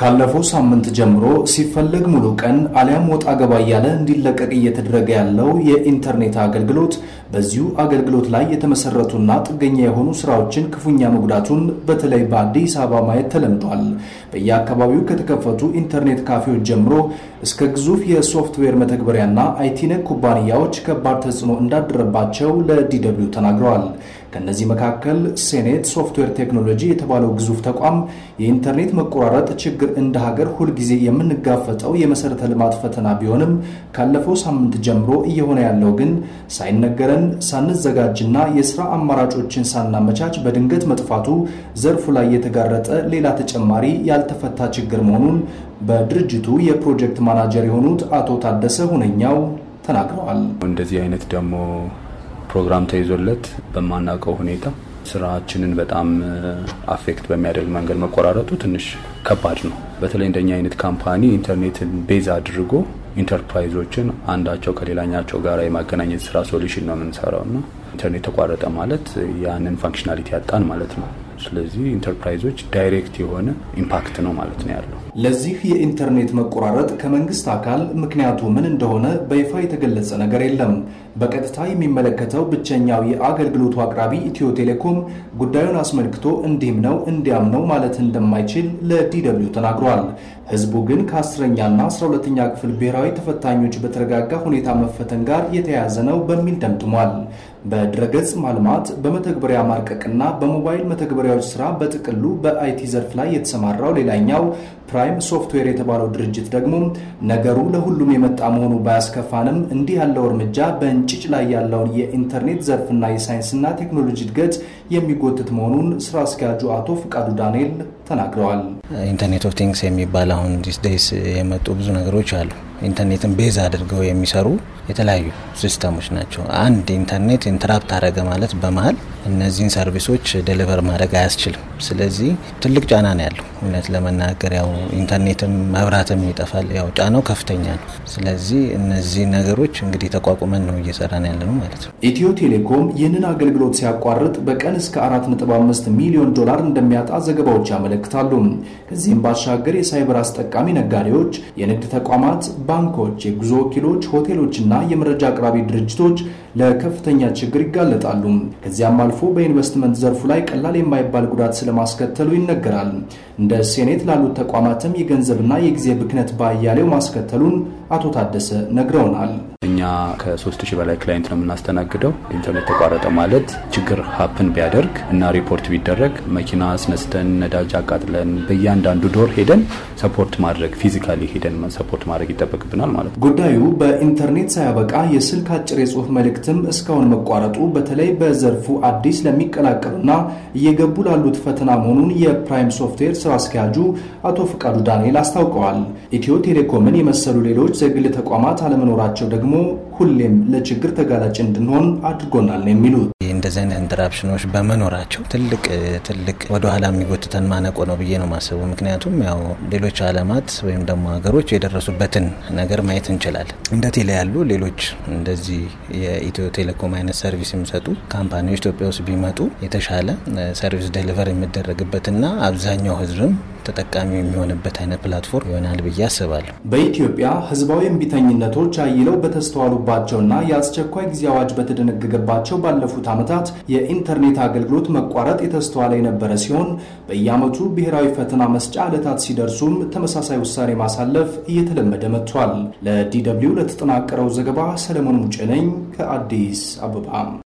ካለፈው ሳምንት ጀምሮ ሲፈለግ ሙሉ ቀን አሊያም ወጣ ገባ እያለ እንዲለቀቅ እየተደረገ ያለው የኢንተርኔት አገልግሎት በዚሁ አገልግሎት ላይ የተመሰረቱና ጥገኛ የሆኑ ስራዎችን ክፉኛ መጉዳቱን በተለይ በአዲስ አበባ ማየት ተለምዷል። በየአካባቢው ከተከፈቱ ኢንተርኔት ካፌዎች ጀምሮ እስከ ግዙፍ የሶፍትዌር መተግበሪያና አይቲነክ ኩባንያዎች ከባድ ተጽዕኖ እንዳደረባቸው ለዲ ተናግረዋል። ከእነዚህ መካከል ሴኔት ሶፍትዌር ቴክኖሎጂ የተባለው ግዙፍ ተቋም የኢንተርኔት መቆራረጥ ችግር እንደ ሀገር ሁልጊዜ የምንጋፈጠው የመሰረተ ልማት ፈተና ቢሆንም ካለፈው ሳምንት ጀምሮ እየሆነ ያለው ግን ሳይነገረን ሳንዘጋጅና የስራ አማራጮችን ሳናመቻች በድንገት መጥፋቱ ዘርፉ ላይ የተጋረጠ ሌላ ተጨማሪ ያልተፈታ ችግር መሆኑን በድርጅቱ የፕሮጀክት ማናጀር የሆኑት አቶ ታደሰ ሁነኛው ተናግረዋል። እንደዚህ አይነት ደግሞ ፕሮግራም ተይዞለት በማናውቀው ሁኔታ ስራችንን በጣም አፌክት በሚያደርግ መንገድ መቆራረጡ ትንሽ ከባድ ነው። በተለይ እንደኛ አይነት ካምፓኒ ኢንተርኔትን ቤዝ አድርጎ ኢንተርፕራይዞችን አንዳቸው ከሌላኛቸው ጋር የማገናኘት ስራ ሶሉሽን ነው የምንሰራው እና ኢንተርኔት ተቋረጠ ማለት ያንን ፋንክሽናሊቲ ያጣን ማለት ነው። ስለዚህ ኢንተርፕራይዞች ዳይሬክት የሆነ ኢምፓክት ነው ማለት ነው ያለው። ለዚህ የኢንተርኔት መቆራረጥ ከመንግስት አካል ምክንያቱ ምን እንደሆነ በይፋ የተገለጸ ነገር የለም። በቀጥታ የሚመለከተው ብቸኛው የአገልግሎቱ አቅራቢ ኢትዮ ቴሌኮም ጉዳዩን አስመልክቶ እንዲህም ነው እንዲያም ነው ማለት እንደማይችል ለዲደብሊው ተናግሯል። ህዝቡ ግን ከአስረኛና አስራ ሁለተኛ ክፍል ብሔራዊ ተፈታኞች በተረጋጋ ሁኔታ መፈተን ጋር የተያያዘ ነው በሚል ደምድሟል። በድረገጽ ማልማት በመተግበሪያ ማርቀቅና በሞባይል መተግበሪያዎች ስራ በጥቅሉ በአይቲ ዘርፍ ላይ የተሰማራው ሌላኛው ፕራይም ሶፍትዌር የተባለው ድርጅት ደግሞ ነገሩ ለሁሉም የመጣ መሆኑ ባያስከፋንም እንዲህ ያለው እርምጃ በእንጭጭ ላይ ያለውን የኢንተርኔት ዘርፍና የሳይንስና ቴክኖሎጂ እድገት የሚጎትት መሆኑን ስራ አስኪያጁ አቶ ፍቃዱ ዳንኤል ተናግረዋል። ኢንተርኔት ኦፍ ቲንግስ የሚባል አሁን ዲስ ዴይስ የመጡ ብዙ ነገሮች አሉ። ኢንተርኔትን ቤዝ አድርገው የሚሰሩ የተለያዩ ሲስተሞች ናቸው። አንድ ኢንተርኔት ኢንትራፕት አረገ ማለት በመሀል እነዚህን ሰርቪሶች ደሊቨር ማድረግ አያስችልም። ስለዚህ ትልቅ ጫና ነው ያለው። እውነት ለመናገር ያው ኢንተርኔትም መብራትም ይጠፋል። ያው ጫናው ከፍተኛ ነው። ስለዚህ እነዚህ ነገሮች እንግዲህ ተቋቁመን ነው እየሰራ ያለ ነው ማለት ነው። ኢትዮ ቴሌኮም ይህንን አገልግሎት ሲያቋርጥ በቀን እስከ 4.5 ሚሊዮን ዶላር እንደሚያጣ ዘገባዎች ያመለክታሉ። ከዚህም ባሻገር የሳይበር አስጠቃሚ ነጋዴዎች፣ የንግድ ተቋማት፣ ባንኮች፣ የጉዞ ወኪሎች፣ ሆቴሎችና የመረጃ አቅራቢ ድርጅቶች ለከፍተኛ ችግር ይጋለጣሉ። ከዚያም አልፎ አልፎ በኢንቨስትመንት ዘርፉ ላይ ቀላል የማይባል ጉዳት ስለማስከተሉ ይነገራል። እንደ ሴኔት ላሉት ተቋማትም የገንዘብና የጊዜ ብክነት ባያሌው ማስከተሉን አቶ ታደሰ ነግረውናል። ከሶስት ሺህ በላይ ክላይንት ነው የምናስተናግደው። ኢንተርኔት ተቋረጠ ማለት ችግር ሀፕን ቢያደርግ እና ሪፖርት ቢደረግ መኪና አስነስተን ነዳጅ አቃጥለን በእያንዳንዱ ዶር ሄደን ሰፖርት ማድረግ ፊዚካሊ ሄደን ሰፖርት ማድረግ ይጠበቅብናል ማለት ነው። ጉዳዩ በኢንተርኔት ሳያበቃ የስልክ አጭር የጽሁፍ መልእክትም እስካሁን መቋረጡ በተለይ በዘርፉ አዲስ ለሚቀላቀሉና እየገቡ ላሉት ፈተና መሆኑን የፕራይም ሶፍትዌር ስራ አስኪያጁ አቶ ፍቃዱ ዳንኤል አስታውቀዋል። ኢትዮ ቴሌኮምን የመሰሉ ሌሎች የግል ተቋማት አለመኖራቸው ደግሞ hope ሁሌም ለችግር ተጋላጭ እንድንሆን አድርጎናል ነው የሚሉት። እንደዚህ አይነት ኢንተራፕሽኖች በመኖራቸው ትልቅ ትልቅ ወደኋላ የሚጎትተን ማነቆ ነው ብዬ ነው ማሰቡ። ምክንያቱም ያው ሌሎች አለማት ወይም ደግሞ ሀገሮች የደረሱበትን ነገር ማየት እንችላለን። እንደ ቴሌ ያሉ ሌሎች እንደዚህ የኢትዮ ቴሌኮም አይነት ሰርቪስ የሚሰጡ ካምፓኒዎች ኢትዮጵያ ውስጥ ቢመጡ የተሻለ ሰርቪስ ዴሊቨር የሚደረግበትና አብዛኛው ህዝብም ተጠቃሚ የሚሆንበት አይነት ፕላትፎርም ይሆናል ብዬ አስባለሁ። በኢትዮጵያ ህዝባዊ እምቢተኝነቶች አይለው በተስተዋሉ በነበሩባቸውና የአስቸኳይ ጊዜ አዋጅ በተደነገገባቸው ባለፉት ዓመታት የኢንተርኔት አገልግሎት መቋረጥ የተስተዋለ የነበረ ሲሆን በየዓመቱ ብሔራዊ ፈተና መስጫ ዕለታት ሲደርሱም ተመሳሳይ ውሳኔ ማሳለፍ እየተለመደ መጥቷል። ለዲ ደብልዩ ለተጠናቀረው ዘገባ ሰለሞን ሙጬ ነኝ ከአዲስ አበባ።